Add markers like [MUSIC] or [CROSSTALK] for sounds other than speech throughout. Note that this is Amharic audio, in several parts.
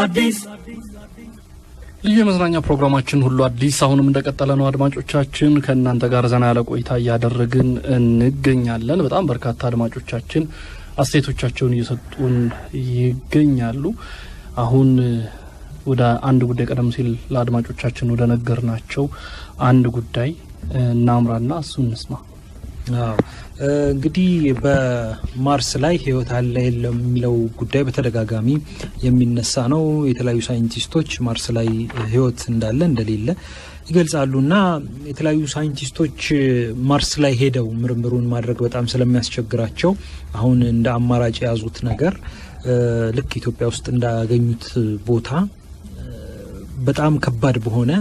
አዲስ ልዩ የመዝናኛ ፕሮግራማችን ሁሉ አዲስ አሁንም እንደቀጠለ ነው። አድማጮቻችን ከእናንተ ጋር ዘና ያለ ቆይታ እያደረግን እንገኛለን። በጣም በርካታ አድማጮቻችን አስተያየቶቻቸውን እየሰጡን ይገኛሉ። አሁን ወደ አንድ ጉዳይ ቀደም ሲል ለአድማጮቻችን ወደ ነገር ናቸው አንድ ጉዳይ እናምራና እሱ እንስማ። እንግዲህ በማርስ ላይ ህይወት አለ የለም የሚለው ጉዳይ በተደጋጋሚ የሚነሳ ነው። የተለያዩ ሳይንቲስቶች ማርስ ላይ ህይወት እንዳለ እንደሌለ ይገልጻሉ እና የተለያዩ ሳይንቲስቶች ማርስ ላይ ሄደው ምርምሩን ማድረግ በጣም ስለሚያስቸግራቸው አሁን እንደ አማራጭ የያዙት ነገር ልክ ኢትዮጵያ ውስጥ እንዳገኙት ቦታ በጣም ከባድ በሆነ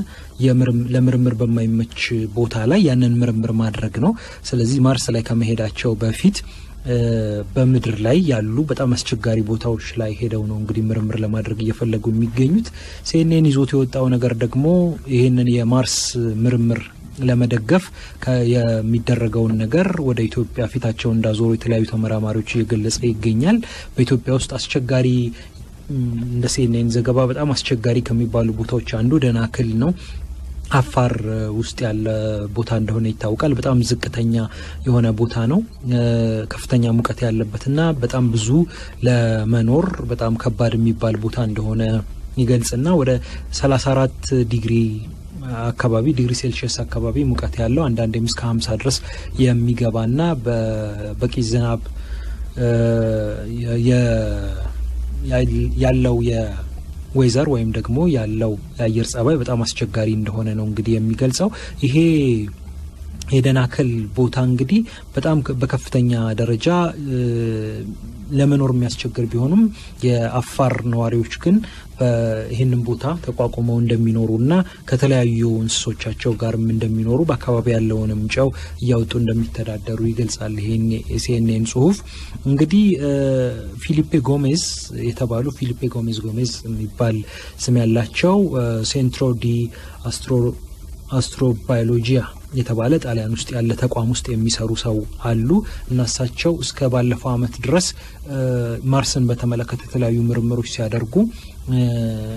ለምርምር በማይመች ቦታ ላይ ያንን ምርምር ማድረግ ነው። ስለዚህ ማርስ ላይ ከመሄዳቸው በፊት በምድር ላይ ያሉ በጣም አስቸጋሪ ቦታዎች ላይ ሄደው ነው እንግዲህ ምርምር ለማድረግ እየፈለጉ የሚገኙት። ሲኤንኤን ይዞት የወጣው ነገር ደግሞ ይህንን የማርስ ምርምር ለመደገፍ የሚደረገውን ነገር ወደ ኢትዮጵያ ፊታቸውን እንዳዞሩ የተለያዩ ተመራማሪዎች እየገለጸ ይገኛል። በኢትዮጵያ ውስጥ አስቸጋሪ እንደ ሲኤንኤን ዘገባ በጣም አስቸጋሪ ከሚባሉ ቦታዎች አንዱ ደናክል ነው። አፋር ውስጥ ያለ ቦታ እንደሆነ ይታወቃል። በጣም ዝቅተኛ የሆነ ቦታ ነው። ከፍተኛ ሙቀት ያለበትና በጣም ብዙ ለመኖር በጣም ከባድ የሚባል ቦታ እንደሆነ ይገልጽና ወደ 34 ዲግሪ አካባቢ ዲግሪ ሴልሽየስ አካባቢ ሙቀት ያለው አንዳንዴም እስከ 50 ድረስ የሚገባና በበቂ ዝናብ ያለው የወይዘር ወይም ደግሞ ያለው የአየር ጸባይ በጣም አስቸጋሪ እንደሆነ ነው እንግዲህ የሚገልጸው ይሄ የደናከል ቦታ እንግዲህ በጣም በከፍተኛ ደረጃ ለመኖር የሚያስቸግር ቢሆንም የአፋር ነዋሪዎች ግን ይህንን ቦታ ተቋቁመው እንደሚኖሩና ከተለያዩ እንስሶቻቸው ጋርም እንደሚኖሩ በአካባቢ ያለውንም ጨው እያወጡ እንደሚተዳደሩ ይገልጻል። ይሄን የሲኤንኤን ጽሁፍ እንግዲህ ፊሊፔ ጎሜዝ የተባሉ ፊሊፔ ጎሜዝ ጎሜዝ የሚባል ስም ያላቸው ሴንትሮ ዲ አስትሮባዮሎጂያ የተባለ ጣሊያን ውስጥ ያለ ተቋም ውስጥ የሚሰሩ ሰው አሉ እና እሳቸው እስከ ባለፈው አመት ድረስ ማርስን በተመለከተ የተለያዩ ምርምሮች ሲያደርጉ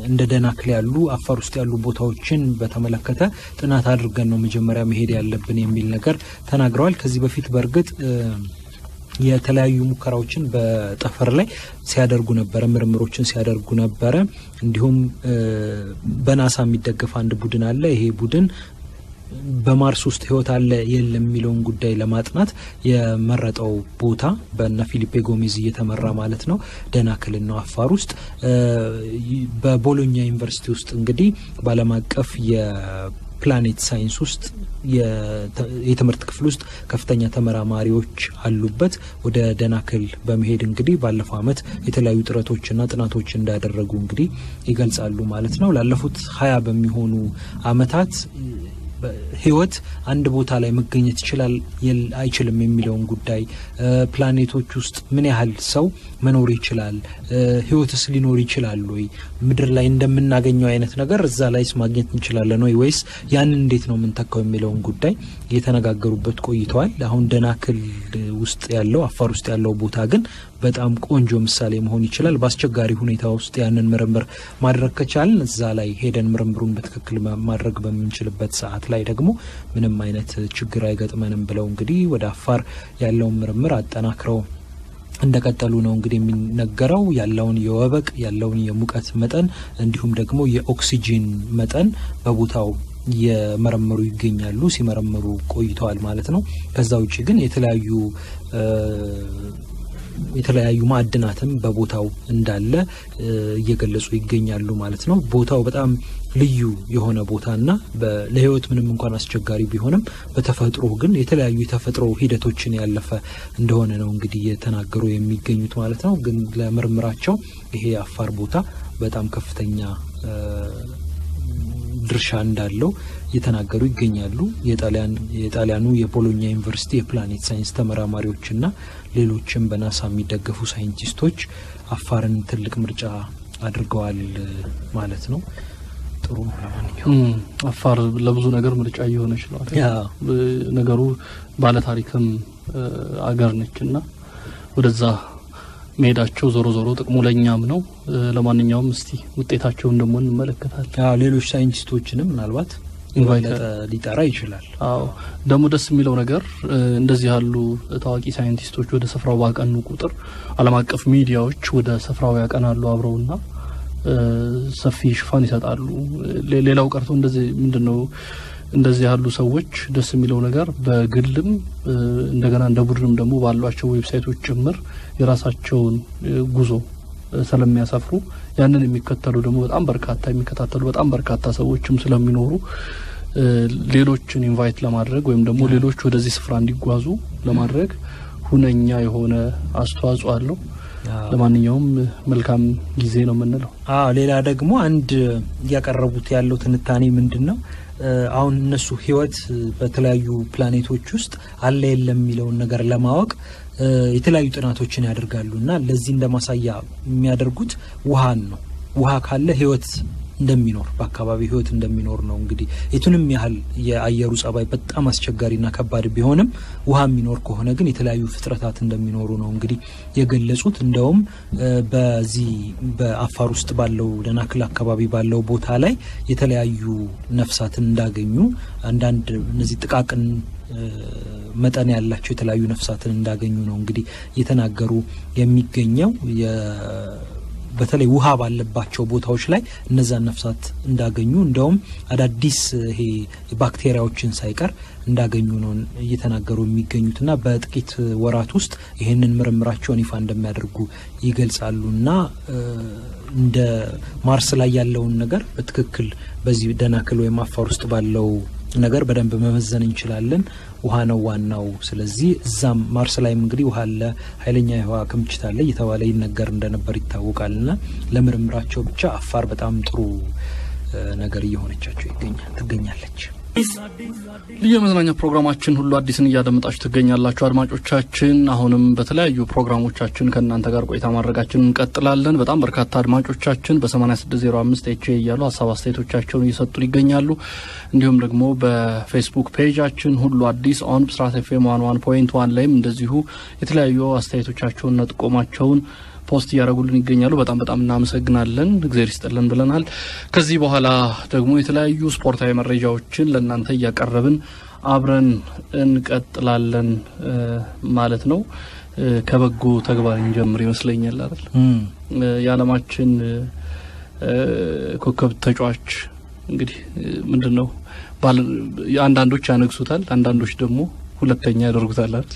እንደ ደናክል ያሉ አፋር ውስጥ ያሉ ቦታዎችን በተመለከተ ጥናት አድርገን ነው መጀመሪያ መሄድ ያለብን የሚል ነገር ተናግረዋል። ከዚህ በፊት በእርግጥ የተለያዩ ሙከራዎችን በጠፈር ላይ ሲያደርጉ ነበረ፣ ምርምሮችን ሲያደርጉ ነበረ። እንዲሁም በናሳ የሚደገፍ አንድ ቡድን አለ። ይሄ ቡድን በማርስ ውስጥ ህይወት አለ የለም የሚለውን ጉዳይ ለማጥናት የመረጠው ቦታ በነ ፊሊፔ ጎሜዝ እየተመራ ማለት ነው ነው አፋር ውስጥ በቦሎኛ ዩኒቨርሲቲ ውስጥ እንግዲህ በዓለም አቀፍ የፕላኔት ሳይንስ ውስጥ የትምህርት ክፍል ውስጥ ከፍተኛ ተመራማሪዎች አሉበት። ወደ ደናክል በመሄድ እንግዲህ ባለፈው ዓመት የተለያዩ ጥረቶችና ጥናቶች እንዳደረጉ እንግዲህ ይገልጻሉ ማለት ነው። ላለፉት ሀያ በሚሆኑ አመታት ህይወት አንድ ቦታ ላይ መገኘት ይችላል አይችልም የሚለውን ጉዳይ ፕላኔቶች ውስጥ ምን ያህል ሰው መኖር ይችላል፣ ህይወትስ ሊኖር ይችላል ወይ፣ ምድር ላይ እንደምናገኘው አይነት ነገር እዛ ላይስ ማግኘት እንችላለን ወይ ወይስ ያንን እንዴት ነው የምንተካው የሚለውን ጉዳይ የተነጋገሩበት ቆይተዋል። አሁን ደናክል ውስጥ ያለው አፋር ውስጥ ያለው ቦታ ግን በጣም ቆንጆ ምሳሌ መሆን ይችላል። በአስቸጋሪ ሁኔታ ውስጥ ያንን ምርምር ማድረግ ከቻልን እዛ ላይ ሄደን ምርምሩን በትክክል ማድረግ በምንችልበት ሰዓት ላይ ደግሞ ምንም አይነት ችግር አይገጥመንም ብለው እንግዲህ ወደ አፋር ያለውን ምርምር አጠናክረው እንደቀጠሉ ነው እንግዲህ የሚነገረው። ያለውን የወበቅ ያለውን የሙቀት መጠን እንዲሁም ደግሞ የኦክሲጂን መጠን በቦታው የመረመሩ ይገኛሉ። ሲመረምሩ ቆይተዋል ማለት ነው። ከዛ ውጭ ግን የተለያዩ የተለያዩ ማዕድናትም በቦታው እንዳለ እየገለጹ ይገኛሉ ማለት ነው። ቦታው በጣም ልዩ የሆነ ቦታ እና ለህይወት ምንም እንኳን አስቸጋሪ ቢሆንም በተፈጥሮ ግን የተለያዩ የተፈጥሮ ሂደቶችን ያለፈ እንደሆነ ነው እንግዲህ እየተናገሩ የሚገኙት ማለት ነው። ግን ለምርምራቸው ይሄ የአፋር ቦታ በጣም ከፍተኛ ድርሻ እንዳለው እየተናገሩ ይገኛሉ። የጣሊያኑ የቦሎኛ ዩኒቨርሲቲ የፕላኔት ሳይንስ ተመራማሪዎችና ሌሎችም በናሳ የሚደገፉ ሳይንቲስቶች አፋርን ትልቅ ምርጫ አድርገዋል ማለት ነው። ጥሩ አፋር ለብዙ ነገር ምርጫ እየሆነ ችለዋል። ነገሩ ባለ ታሪክም አገር ነች እና ወደዛ መሄዳቸው ዞሮ ዞሮ ጥቅሙ ለእኛም ነው። ለማንኛውም እስቲ ውጤታቸውን ደግሞ እንመለከታለን። ሌሎች ሳይንቲስቶችንም ምናልባት ሊጠራ ይችላል። አዎ ደግሞ ደስ የሚለው ነገር እንደዚህ ያሉ ታዋቂ ሳይንቲስቶች ወደ ስፍራው ባቀኑ ቁጥር ዓለም አቀፍ ሚዲያዎች ወደ ስፍራው ያቀናሉ አብረውና ሰፊ ሽፋን ይሰጣሉ። ሌላው ቀርቶ እንደዚህ ምንድነው እንደዚህ ያሉ ሰዎች ደስ የሚለው ነገር በግልም እንደገና እንደ ቡድንም ደግሞ ባሏቸው ዌብሳይቶች ጭምር የራሳቸውን ጉዞ ስለሚያሰፍሩ ያንን የሚከተሉ ደግሞ በጣም በርካታ የሚከታተሉ በጣም በርካታ ሰዎችም ስለሚኖሩ ሌሎችን ኢንቫይት ለማድረግ ወይም ደግሞ ሌሎች ወደዚህ ስፍራ እንዲጓዙ ለማድረግ ሁነኛ የሆነ አስተዋጽኦ አለው። ለማንኛውም መልካም ጊዜ ነው የምንለው። አዎ ሌላ ደግሞ አንድ እያቀረቡት ያለው ትንታኔ ምንድን ነው? አሁን እነሱ ህይወት በተለያዩ ፕላኔቶች ውስጥ አለ የለም የሚለውን ነገር ለማወቅ የተለያዩ ጥናቶችን ያደርጋሉ እና ለዚህ እንደማሳያ የሚያደርጉት ውሃን ነው። ውሃ ካለ ህይወት እንደሚኖር በአካባቢ ህይወት እንደሚኖር ነው። እንግዲህ የቱንም ያህል የአየሩ ጸባይ በጣም አስቸጋሪና ከባድ ቢሆንም ውሃ የሚኖር ከሆነ ግን የተለያዩ ፍጥረታት እንደሚኖሩ ነው እንግዲህ የገለጹት። እንደውም በዚህ በአፋር ውስጥ ባለው ደናክል አካባቢ ባለው ቦታ ላይ የተለያዩ ነፍሳትን እንዳገኙ አንዳንድ እነዚህ ጥቃቅን መጠን ያላቸው የተለያዩ ነፍሳትን እንዳገኙ ነው እንግዲህ እየተናገሩ የሚገኘው በተለይ ውሃ ባለባቸው ቦታዎች ላይ እነዛን ነፍሳት እንዳገኙ እንደውም አዳዲስ ይሄ ባክቴሪያዎችን ሳይቀር እንዳገኙ ነው እየተናገሩ የሚገኙትና በጥቂት ወራት ውስጥ ይህንን ምርምራቸውን ይፋ እንደሚያደርጉ ይገልጻሉ። እና እንደ ማርስ ላይ ያለውን ነገር በትክክል በዚህ ደናክል ወይም አፋር ውስጥ ባለው ነገር በደንብ መመዘን እንችላለን። ውሃ ነው ዋናው። ስለዚህ እዛም ማርስ ላይም እንግዲህ ውሃ አለ፣ ኃይለኛ የውሃ ክምችት አለ እየተባለ ይነገር እንደነበር ና ለምርምራቸው ብቻ አፋር በጣም ጥሩ ነገር እየሆነቻቸው ይገኛል ትገኛለች። ልዩ የመዝናኛ ፕሮግራማችን ሁሉ አዲስን እያደመጣችሁ ትገኛላችሁ አድማጮቻችን። አሁንም በተለያዩ ፕሮግራሞቻችን ከእናንተ ጋር ቆይታ ማድረጋችን እንቀጥላለን። በጣም በርካታ አድማጮቻችን በ8605 ኤች እያሉ ሀሳብ አስተያየቶቻቸውን እየሰጡን ይገኛሉ። እንዲሁም ደግሞ በፌስቡክ ፔጃችን ሁሉ አዲስ ኦን ብስራት ኤፍ ዋን ዋን ፖይንት ዋን ላይም እንደዚሁ የተለያዩ አስተያየቶቻቸውን ነጥቆማቸውን ፖስት እያደረጉልን ይገኛሉ። በጣም በጣም እናመሰግናለን። እግዜር ይስጥልን ብለናል። ከዚህ በኋላ ደግሞ የተለያዩ ስፖርታዊ መረጃዎችን ለእናንተ እያቀረብን አብረን እንቀጥላለን ማለት ነው። ከበጎ ተግባር እንጀምር ይመስለኛል አይደል? የዓለማችን ኮከብ ተጫዋች እንግዲህ ምንድን ነው አንዳንዶች ያነግሱታል፣ አንዳንዶች ደግሞ ሁለተኛ ያደርጉታል አይደል?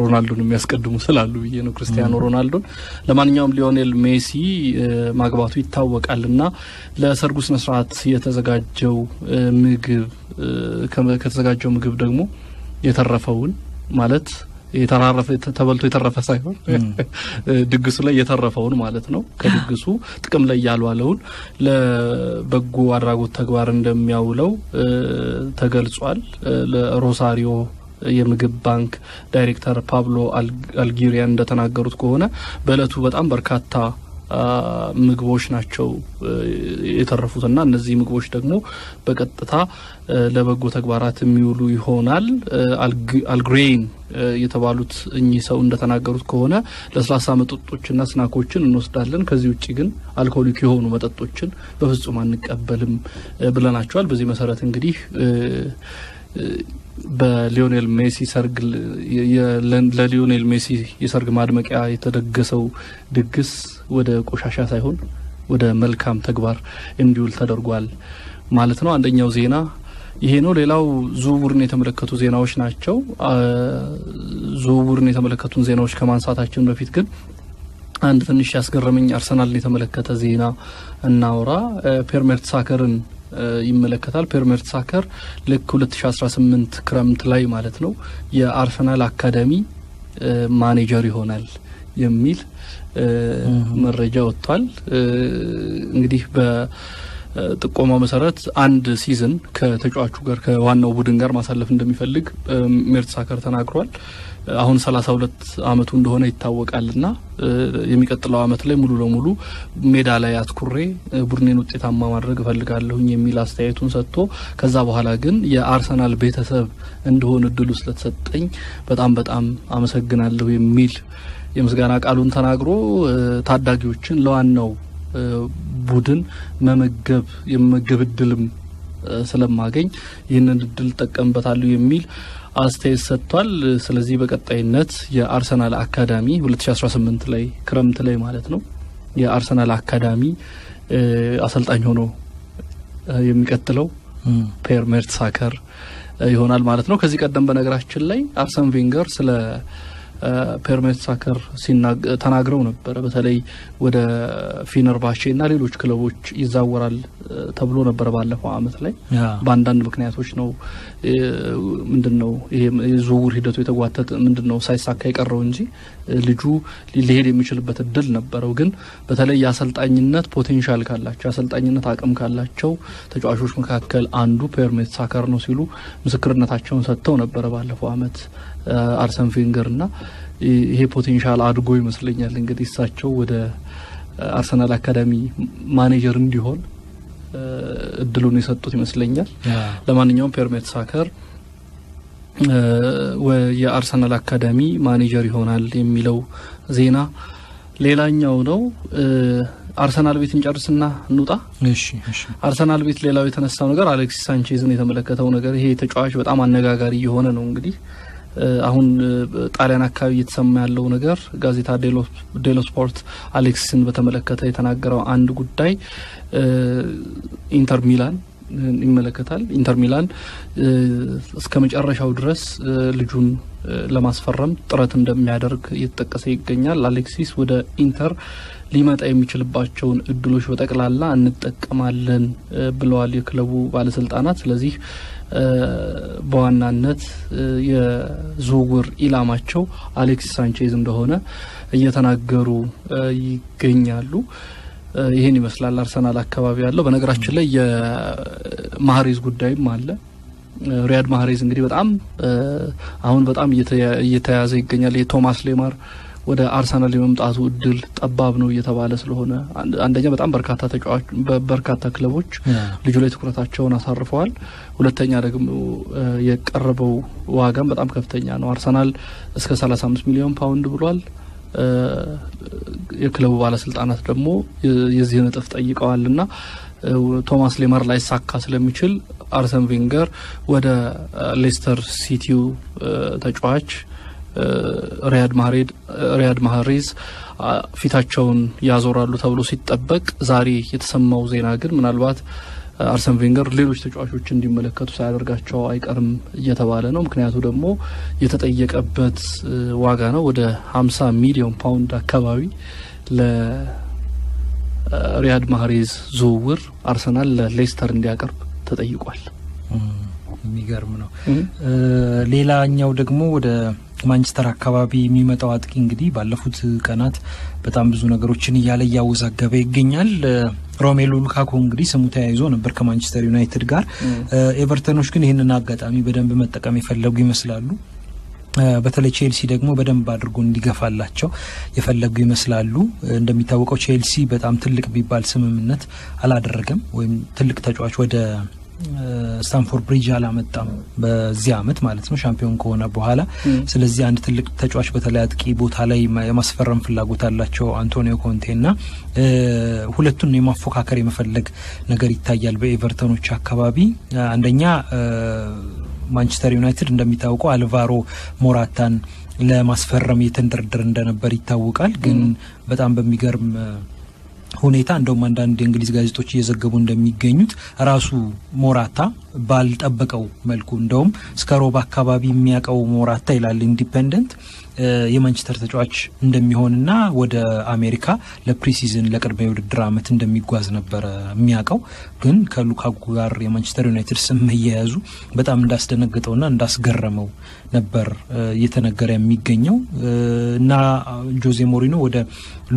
ሮናልዶን የሚያስቀድሙ ስላሉ ብዬ ነው ክርስቲያኖ ሮናልዶን። ለማንኛውም ሊዮኔል ሜሲ ማግባቱ ይታወቃል እና ለሰርጉ ስነ ስርዓት የተዘጋጀው ምግብ ከተዘጋጀው ምግብ ደግሞ የተረፈውን ማለት የተራረፈ ተበልቶ የተረፈ ሳይሆን [LAUGHS] ድግሱ ላይ የተረፈውን ማለት ነው። ከድግሱ ጥቅም ላይ ያልዋለውን ለበጎ አድራጎት ተግባር እንደሚያውለው ተገልጿል። ለሮሳሪዮ የምግብ ባንክ ዳይሬክተር ፓብሎ አልጊሪያን እንደተናገሩት ከሆነ በእለቱ በጣም በርካታ ምግቦች ናቸው የተረፉትና እነዚህ ምግቦች ደግሞ በቀጥታ ለበጎ ተግባራት የሚውሉ ይሆናል። አልግሬን የተባሉት እኚህ ሰው እንደተናገሩት ከሆነ ለስላሳ መጠጦችና ስናኮችን እንወስዳለን። ከዚህ ውጭ ግን አልኮሊክ የሆኑ መጠጦችን በፍጹም አንቀበልም ብለናቸዋል። በዚህ መሰረት እንግዲህ በሊዮኔል ሜሲ ሰርግ ለሊዮኔል ሜሲ የሰርግ ማድመቂያ የተደገሰው ድግስ ወደ ቆሻሻ ሳይሆን ወደ መልካም ተግባር እንዲውል ተደርጓል ማለት ነው። አንደኛው ዜና ይሄ ነው። ሌላው ዝውውርን የተመለከቱ ዜናዎች ናቸው። ዝውውርን የተመለከቱን ዜናዎች ከማንሳታችን በፊት ግን አንድ ትንሽ ያስገረመኝ አርሰናልን የተመለከተ ዜና እናውራ። ፔርሜርት ሳከርን ይመለከታል። ፔርሜርት ሳከር ልክ 2018 ክረምት ላይ ማለት ነው የአርሰናል አካዳሚ ማኔጀር ይሆናል የሚል መረጃ ወጥቷል። እንግዲህ በጥቆማ መሰረት አንድ ሲዝን ከተጫዋቹ ጋር ከዋናው ቡድን ጋር ማሳለፍ እንደሚፈልግ ሳከር ተናግሯል። አሁን 32 አመቱ እንደሆነ ይታወቃልና የሚቀጥለው ዓመት ላይ ሙሉ ለሙሉ ሜዳ ላይ አትኩሬ ቡድኔን ውጤታማ ማድረግ እፈልጋለሁኝ የሚል አስተያየቱን ሰጥቶ ከዛ በኋላ ግን የአርሰናል ቤተሰብ እንደሆን እድሉ ስለተሰጠኝ በጣም በጣም አመሰግናለሁ የሚል የምስጋና ቃሉን ተናግሮ ታዳጊዎችን ለዋናው ቡድን መመገብ የመመገብ እድልም ስለማገኝ ይህንን እድል እጠቀምበታለሁ የሚል አስተያየት ሰጥቷል። ስለዚህ በቀጣይነት የአርሰናል አካዳሚ 2018 ላይ ክረምት ላይ ማለት ነው የአርሰናል አካዳሚ አሰልጣኝ ሆኖ የሚቀጥለው ፔር ሳከር ይሆናል ማለት ነው። ከዚህ ቀደም በነገራችን ላይ አርሰን ቬንገር ስለ ፔርሜት ሳከር ተናግረው ነበረ። በተለይ ወደ ፊነርባቼ እና ሌሎች ክለቦች ይዛወራል ተብሎ ነበረ ባለፈው አመት ላይ በአንዳንድ ምክንያቶች ነው ምንድን ነው ይሄ ዝውውር ሂደቱ የተጓተት ምንድን ነው ሳይሳካ የቀረው እንጂ ልጁ ሊሄድ የሚችልበት እድል ነበረው። ግን በተለይ የአሰልጣኝነት ፖቴንሻል ካላቸው የአሰልጣኝነት አቅም ካላቸው ተጫዋቾች መካከል አንዱ ፔርሜት ሳከር ነው ሲሉ ምስክርነታቸውን ሰጥተው ነበረ ባለፈው አመት አርሰን uh, ቬንገር እና ይሄ ፖቴንሻል አድጎ ይመስለኛል እንግዲህ እሳቸው ወደ አርሰናል አካዳሚ ማኔጀር እንዲሆን uh, እድሉን የሰጡት ይመስለኛል። ለማንኛውም ፔርሜት ሳከር የአርሰናል አካዳሚ ማኔጀር ይሆናል የሚለው ዜና ሌላኛው ነው። አርሰናል ቤት እንጨርስና እንውጣ። አርሰናል ቤት ሌላው የተነሳው ነገር አሌክሲስ ሳንቼዝን የተመለከተው ነገር ይሄ ተጫዋች በጣም አነጋጋሪ የሆነ ነው እንግዲህ አሁን ጣሊያን አካባቢ እየተሰማ ያለው ነገር ጋዜጣ ዴሎ ስፖርት አሌክስን በተመለከተ የተናገረው አንድ ጉዳይ ኢንተር ሚላን ይመለከታል። ኢንተር ሚላን እስከ መጨረሻው ድረስ ልጁን ለማስፈረም ጥረት እንደሚያደርግ እየተጠቀሰ ይገኛል። አሌክሲስ ወደ ኢንተር ሊመጣ የሚችልባቸውን እድሎች በጠቅላላ እንጠቀማለን ብለዋል የክለቡ ባለስልጣናት። ስለዚህ በዋናነት የዝውውር ኢላማቸው አሌክሲስ ሳንቼዝ እንደሆነ እየተናገሩ ይገኛሉ። ይህን ይመስላል አርሰናል አካባቢ ያለው። በነገራችን ላይ የማህሬዝ ጉዳይም አለ። ሪያድ ማህሬዝ እንግዲህ በጣም አሁን በጣም እየተያዘ ይገኛል። የቶማስ ሌማር ወደ አርሰናል የመምጣቱ እድል ጠባብ ነው እየተባለ ስለሆነ አንደኛ በጣም በርካታ ተጫዋች በርካታ ክለቦች ልጁ ላይ ትኩረታቸውን አሳርፈዋል። ሁለተኛ ደግሞ የቀረበው ዋጋም በጣም ከፍተኛ ነው። አርሰናል እስከ 35 ሚሊዮን ፓውንድ ብሏል። የክለቡ ባለስልጣናት ደግሞ የዚህ ጠይቀዋል ጠይቀዋልና ቶማስ ሌመር ላይሳካ ስለሚችል አርሰን ቬንገር ወደ ሌስተር ሲቲው ተጫዋች ሪያድ ማህሬድ ሪያድ ማህሬዝ ፊታቸውን ያዞራሉ ተብሎ ሲጠበቅ ዛሬ የተሰማው ዜና ግን ምናልባት አርሰን ቬንገር ሌሎች ተጫዋቾች እንዲመለከቱ ሳያደርጋቸው አይቀርም እየተባለ ነው። ምክንያቱ ደግሞ የተጠየቀበት ዋጋ ነው። ወደ 50 ሚሊዮን ፓውንድ አካባቢ ለሪያድ ማህሬዝ ዝውውር አርሰናል ለሌስተር እንዲያቀርብ ተጠይቋል። የሚገርም ነው። ሌላኛው ደግሞ ወደ ማንቸስተር አካባቢ የሚመጣው አጥቂ እንግዲህ ባለፉት ቀናት በጣም ብዙ ነገሮችን እያለ እያወዛገበ ይገኛል። ሮሜሉ ሉካኮ እንግዲህ ስሙ ተያይዞ ነበር ከማንቸስተር ዩናይትድ ጋር። ኤቨርተኖች ግን ይህንን አጋጣሚ በደንብ መጠቀም የፈለጉ ይመስላሉ። በተለይ ቼልሲ ደግሞ በደንብ አድርጎ እንዲገፋላቸው የፈለጉ ይመስላሉ። እንደሚታወቀው ቼልሲ በጣም ትልቅ ቢባል ስምምነት አላደረገም ወይም ትልቅ ተጫዋች ወደ ስታንፎርድ ብሪጅ አላመጣም በዚህ አመት ማለት ነው ሻምፒዮን ከሆነ በኋላ። ስለዚህ አንድ ትልቅ ተጫዋች በተለይ አጥቂ ቦታ ላይ የማስፈረም ፍላጎት አላቸው አንቶኒዮ ኮንቴና ሁለቱን የማፎካከር የመፈለግ ነገር ይታያል በኤቨርተኖች አካባቢ። አንደኛ ማንቸስተር ዩናይትድ እንደሚታወቀው አልቫሮ ሞራታን ለማስፈረም የተንደረደረ እንደነበር ይታወቃል። ግን በጣም በሚገርም ሁኔታ እንደውም አንዳንድ የእንግሊዝ ጋዜጦች እየዘገቡ እንደሚገኙት ራሱ ሞራታ ባልጠበቀው መልኩ እንደውም እስከ ሮብ አካባቢ የሚያውቀው ሞራታ ይላል ኢንዲፐንደንት። የማንቸስተር ተጫዋች እንደሚሆንና ወደ አሜሪካ ለፕሪሲዝን ለቅድመ የውድድር ዓመት እንደሚጓዝ ነበረ የሚያውቀው። ግን ከሉካኩ ጋር የማንቸስተር ዩናይትድ ስም እየያዙ በጣም እንዳስደነገጠውና እንዳስገረመው ነበር እየተነገረ የሚገኘው እና ጆዜ ሞሪኖ ወደ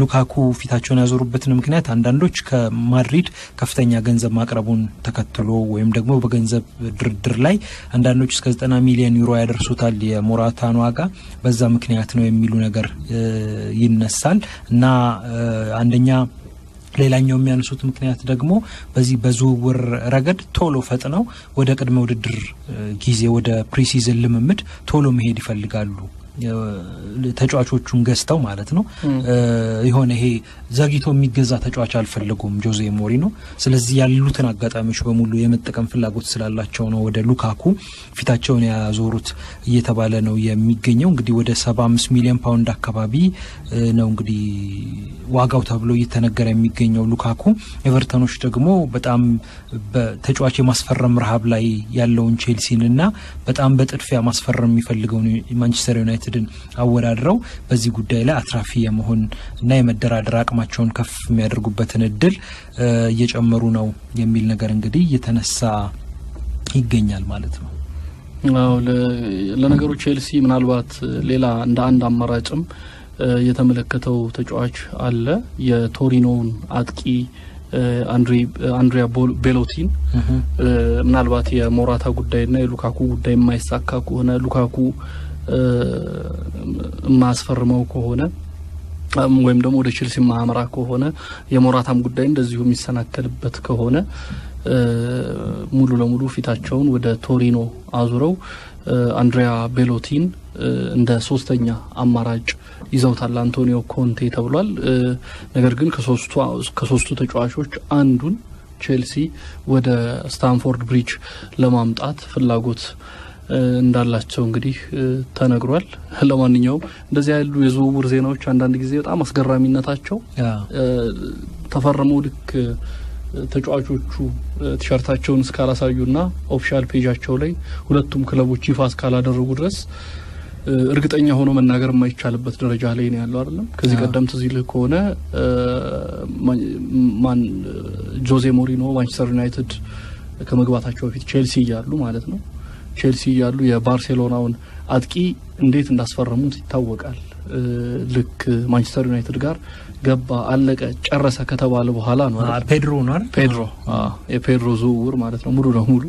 ሉካኩ ፊታቸውን ያዞሩበትን ምክንያት አንዳንዶች ከማድሪድ ከፍተኛ ገንዘብ ማቅረቡን ተከትሎ ወይም ደግሞ በገንዘብ ድርድር ላይ አንዳንዶች እስከ ዘጠና ሚሊዮን ዩሮ ያደርሱታል የሞራታን ዋጋ በዛ ምክንያት ምክንያት ነው የሚሉ ነገር ይነሳል እና አንደኛ ሌላኛው የሚያነሱት ምክንያት ደግሞ በዚህ በዝውውር ረገድ ቶሎ ፈጥነው ወደ ቅድመ ውድድር ጊዜ ወደ ፕሪሲዝን ልምምድ ቶሎ መሄድ ይፈልጋሉ ተጫዋቾቹን ገዝተው ማለት ነው። የሆነ ይሄ ዘግይቶ የሚገዛ ተጫዋች አልፈለጉም ጆዜ ሞሪ ነው ስለዚህ ያሉትን አጋጣሚዎች በሙሉ የመጠቀም ፍላጎት ስላላቸው ነው ወደ ሉካኩ ፊታቸውን ያዞሩት እየተባለ ነው የሚገኘው። እንግዲህ ወደ 75 ሚሊዮን ፓውንድ አካባቢ ነው እንግዲህ ዋጋው ተብሎ እየተነገረ የሚገኘው ሉካኩ። ኤቨርተኖች ደግሞ በጣም ተጫዋች የማስፈረም ረሃብ ላይ ያለውን ቼልሲን እና በጣም በጥድፊያ ማስፈረም የሚፈልገውን ማንቸስተር ዩናይትድ ዩናይትድን አወዳድረው በዚህ ጉዳይ ላይ አትራፊ የመሆን እና የመደራደር አቅማቸውን ከፍ የሚያደርጉበትን እድል እየጨመሩ ነው የሚል ነገር እንግዲህ እየተነሳ ይገኛል ማለት ነው። አዎ ለነገሩ ቼልሲ ምናልባት ሌላ እንደ አንድ አማራጭም የተመለከተው ተጫዋች አለ። የቶሪኖውን አጥቂ አንድሪያ ቤሎቲን ምናልባት የሞራታ ጉዳይና የሉካኩ ጉዳይ የማይሳካ ከሆነ ሉካኩ የማስፈርመው ከሆነ ወይም ደግሞ ወደ ቼልሲ ማምራ ከሆነ የሞራታም ጉዳይ እንደዚሁ የሚሰናከልበት ከሆነ ሙሉ ለሙሉ ፊታቸውን ወደ ቶሪኖ አዙረው አንድሪያ ቤሎቲን እንደ ሶስተኛ አማራጭ ይዘውታል አንቶኒዮ ኮንቴ ተብሏል። ነገር ግን ከሶስቱ ተጫዋቾች አንዱን ቼልሲ ወደ ስታንፎርድ ብሪጅ ለማምጣት ፍላጎት እንዳላቸው እንግዲህ ተነግሯል። [LAUGHS] ለማንኛውም እንደዚህ ያሉ የዝውውር ዜናዎች አንዳንድ ጊዜ በጣም አስገራሚነታቸው ተፈርመው ልክ ተጫዋቾቹ ቲሸርታቸውን እስካላሳዩና ኦፊሻል ፔጃቸው ላይ ሁለቱም ክለቦች ይፋ እስካላደረጉ ድረስ እርግጠኛ ሆኖ መናገር የማይቻልበት ደረጃ ላይ ነው ያለው አይደለም። ከዚህ ቀደም ትዝ ከሆነ ማን ጆዜ ሞሪኖ ማንቸስተር ዩናይትድ ከመግባታቸው በፊት ቼልሲ እያሉ ማለት ነው ቼልሲ እያሉ የባርሴሎናውን አጥቂ እንዴት እንዳስፈረሙት ይታወቃል። ልክ ማንቸስተር ዩናይትድ ጋር ገባ አለቀ ጨረሰ ከተባለ በኋላ ነው ፔድሮ ነው ፔድሮ የፔድሮ ዝውውር ማለት ነው ሙሉ ለሙሉ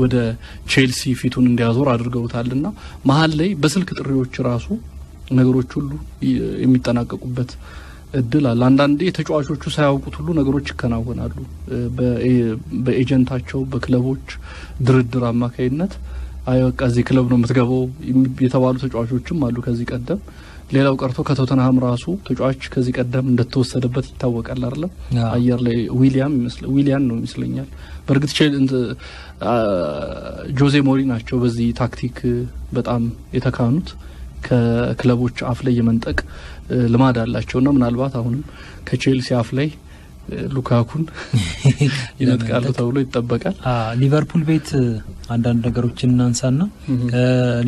ወደ ቼልሲ ፊቱን እንዲያዞር አድርገውታልና መሀል ላይ በስልክ ጥሪዎች ራሱ ነገሮች ሁሉ የሚጠናቀቁበት እድል አለ። አንዳንዴ ተጫዋቾቹ ሳያውቁት ሁሉ ነገሮች ይከናወናሉ። በኤጀንታቸው በክለቦች ድርድር አማካይነት አይ በቃ እዚህ ክለብ ነው የምትገባው የተባሉ ተጫዋቾችም አሉ ከዚህ ቀደም። ሌላው ቀርቶ ከቶተናሃም ራሱ ተጫዋች ከዚህ ቀደም እንደተወሰደበት ይታወቃል። አይደለም አየር ላይ ዊሊያም ዊሊያን ነው ይመስለኛል። በእርግጥ ጆዜ ሞሪ ናቸው በዚህ ታክቲክ በጣም የተካኑት። ከክለቦች አፍ ላይ የመንጠቅ ልማድ አላቸውና ምናልባት አሁንም ከቼልሲ አፍ ላይ ሉካኩን [LAUGHS] ይነጥቃሉ ተብሎ ይጠበቃል። ሊቨርፑል ቤት አንዳንድ ነገሮችን እናንሳና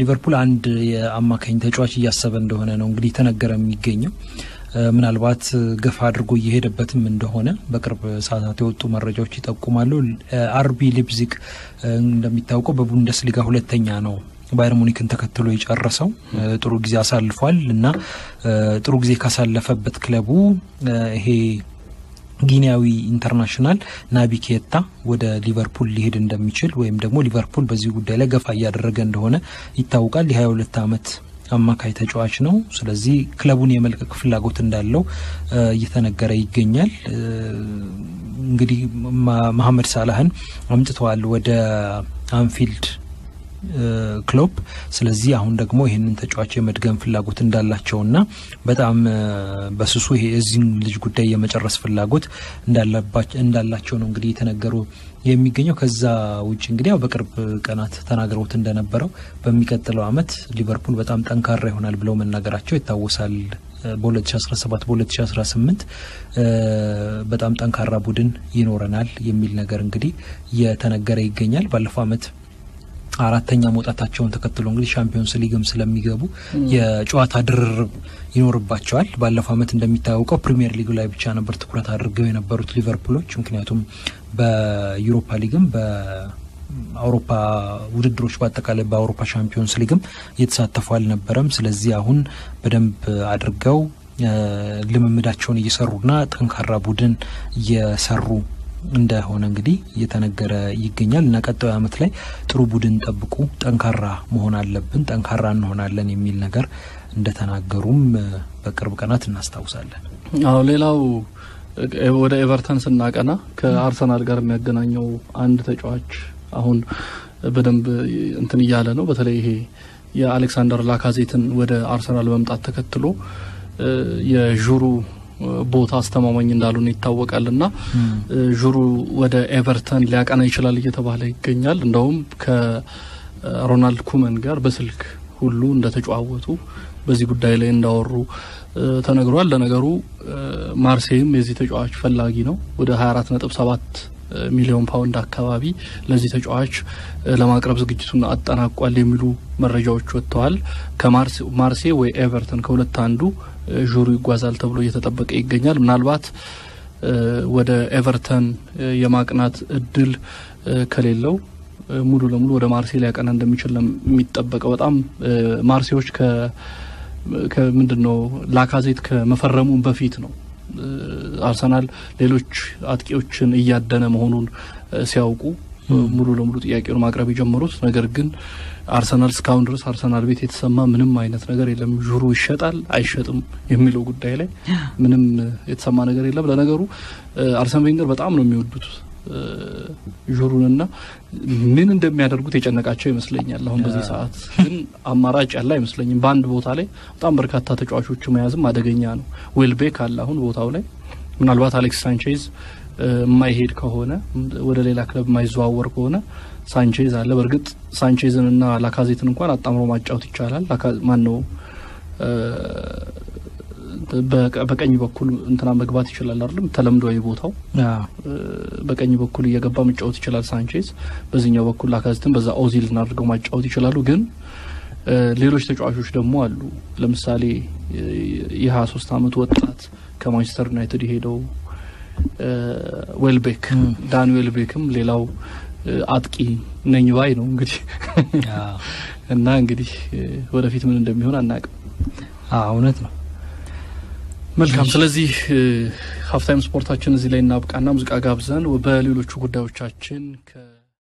ሊቨርፑል አንድ የአማካኝ ተጫዋች እያሰበ እንደሆነ ነው እንግዲህ ተነገረ የሚገኘው ምናልባት ገፋ አድርጎ እየሄደበትም እንደሆነ በቅርብ ሰዓታት የወጡ መረጃዎች ይጠቁማሉ። አርቢ ሊፕዚግ እንደሚታወቀው በቡንደስሊጋ ሁለተኛ ነው ባየር ሙኒክን ተከትሎ የጨረሰው ጥሩ ጊዜ አሳልፏል እና ጥሩ ጊዜ ካሳለፈበት ክለቡ ይሄ ጊኒያዊ ኢንተርናሽናል ናቢ ኬታ ወደ ሊቨርፑል ሊሄድ እንደሚችል ወይም ደግሞ ሊቨርፑል በዚህ ጉዳይ ላይ ገፋ እያደረገ እንደሆነ ይታወቃል። የ የ22 ዓመት አማካይ ተጫዋች ነው። ስለዚህ ክለቡን የመልቀቅ ፍላጎት እንዳለው እየተነገረ ይገኛል። እንግዲህ መሀመድ ሳላህን አምጥተዋል ወደ አንፊልድ ክሎፕ። ስለዚህ አሁን ደግሞ ይህንን ተጫዋች የመድገም ፍላጎት እንዳላቸውና በጣም በስሱ ይሄ ልጅ ጉዳይ የመጨረስ ፍላጎት እንዳላቸው ነው እንግዲህ የተነገሩ የሚገኘው ከዛ ውጭ እንግዲህ ያው በቅርብ ቀናት ተናግረውት እንደነበረው በሚቀጥለው አመት ሊቨርፑል በጣም ጠንካራ ይሆናል ብለው መናገራቸው ይታወሳል። በ2017 በ2018 በጣም ጠንካራ ቡድን ይኖረናል የሚል ነገር እንግዲህ እየተነገረ ይገኛል። ባለፈው ዓመት አራተኛ መውጣታቸውን ተከትሎ እንግዲህ ሻምፒዮንስ ሊግም ስለሚገቡ የጨዋታ ድርርብ ይኖርባቸዋል። ባለፈው ዓመት እንደሚታወቀው ፕሪሚየር ሊግ ላይ ብቻ ነበር ትኩረት አድርገው የነበሩት ሊቨርፑሎች ምክንያቱም በዩሮፓ ሊግም አውሮፓ ውድድሮች በአጠቃላይ በአውሮፓ ሻምፒዮንስ ሊግም እየተሳተፉ አልነበረም። ስለዚህ አሁን በደንብ አድርገው ልምምዳቸውን እየሰሩና ጠንካራ ቡድን እየሰሩ እንደሆነ እንግዲህ እየተነገረ ይገኛል እና ቀጣዩ ዓመት ላይ ጥሩ ቡድን ጠብቁ፣ ጠንካራ መሆን አለብን፣ ጠንካራ እንሆናለን የሚል ነገር እንደተናገሩም በቅርብ ቀናት እናስታውሳለን። አዎ ሌላው ወደ ኤቨርተን ስናቀና ከአርሰናል ጋር የሚያገናኘው አንድ ተጫዋች አሁን በደንብ እንትን እያለ ነው። በተለይ ይሄ የአሌክሳንደር ላካዜትን ወደ አርሰናል መምጣት ተከትሎ የዥሩ ቦታ አስተማማኝ እንዳልሆነ ይታወቃል። እና ዥሩ ወደ ኤቨርተን ሊያቀና ይችላል እየተባለ ይገኛል። እንደውም ከሮናልድ ኩመን ጋር በስልክ ሁሉ እንደተጨዋወቱ በዚህ ጉዳይ ላይ እንዳወሩ ተነግሯል። ለነገሩ ማርሴይም የዚህ ተጫዋች ፈላጊ ነው። ወደ 24.7 ሚሊዮን ፓውንድ አካባቢ ለዚህ ተጫዋች ለማቅረብ ዝግጅቱን አጠናቋል የሚሉ መረጃዎች ወጥተዋል። ከማርሴ ወይ ኤቨርተን ከሁለት አንዱ ጆሩ ይጓዛል ተብሎ እየተጠበቀ ይገኛል። ምናልባት ወደ ኤቨርተን የማቅናት እድል ከሌለው ሙሉ ለሙሉ ወደ ማርሴ ሊያቀና እንደሚችል የሚጠበቀው በጣም ማርሴዎች ከምንድን ነው ላካዜት ከመፈረሙ በፊት ነው አርሰናል ሌሎች አጥቂዎችን እያደነ መሆኑን ሲያውቁ ሙሉ ለሙሉ ጥያቄውን ማቅረብ የጀመሩት ነገር ግን አርሰናል እስካሁን ድረስ አርሰናል ቤት የተሰማ ምንም አይነት ነገር የለም። ዡሩ ይሸጣል አይሸጥም የሚለው ጉዳይ ላይ ምንም የተሰማ ነገር የለም። ለነገሩ አርሰን ቬንገር በጣም ነው የሚወዱት ዡሩንና ምን እንደሚያደርጉት የጨነቃቸው ይመስለኛል። አሁን በዚህ ሰዓት ግን አማራጭ ያለ አይመስለኝም። በአንድ ቦታ ላይ በጣም በርካታ ተጫዋቾቹ መያዝም አደገኛ ነው። ዌልቤክ አለ አሁን ቦታው ላይ ምናልባት አሌክስ ሳንቼዝ የማይሄድ ከሆነ ወደ ሌላ ክለብ የማይዘዋወር ከሆነ ሳንቼዝ አለ። በእርግጥ ሳንቼዝን እና ላካዜትን እንኳን አጣምሮ ማጫወት ይቻላል። ማን ነው በቀኝ በኩል እንትና መግባት ይችላል አይደለም፣ ተለምዶ ቦታው በቀኝ በኩል እየገባ መጫወት ይችላል ሳንቼዝ። በዚኛው በኩል ላካዜትን በዛ ኦዚል እናድርገው ማጫወት ይችላሉ። ግን ሌሎች ተጫዋቾች ደግሞ አሉ። ለምሳሌ የሀያ ሶስት አመት ወጣት ከማንቸስተር ዩናይትድ የሄደው ዌልቤክ ዳን ዌልቤክም ሌላው አጥቂ ነኝ ባይ ነው እንግዲህ እና እንግዲህ ወደፊት ምን እንደሚሆን አናቅም። እውነት ነው። መልካም። ስለዚህ ሀፍታይም ስፖርታችን እዚህ ላይ እናብቃና ሙዚቃ ጋብዘን በሌሎቹ ጉዳዮቻችን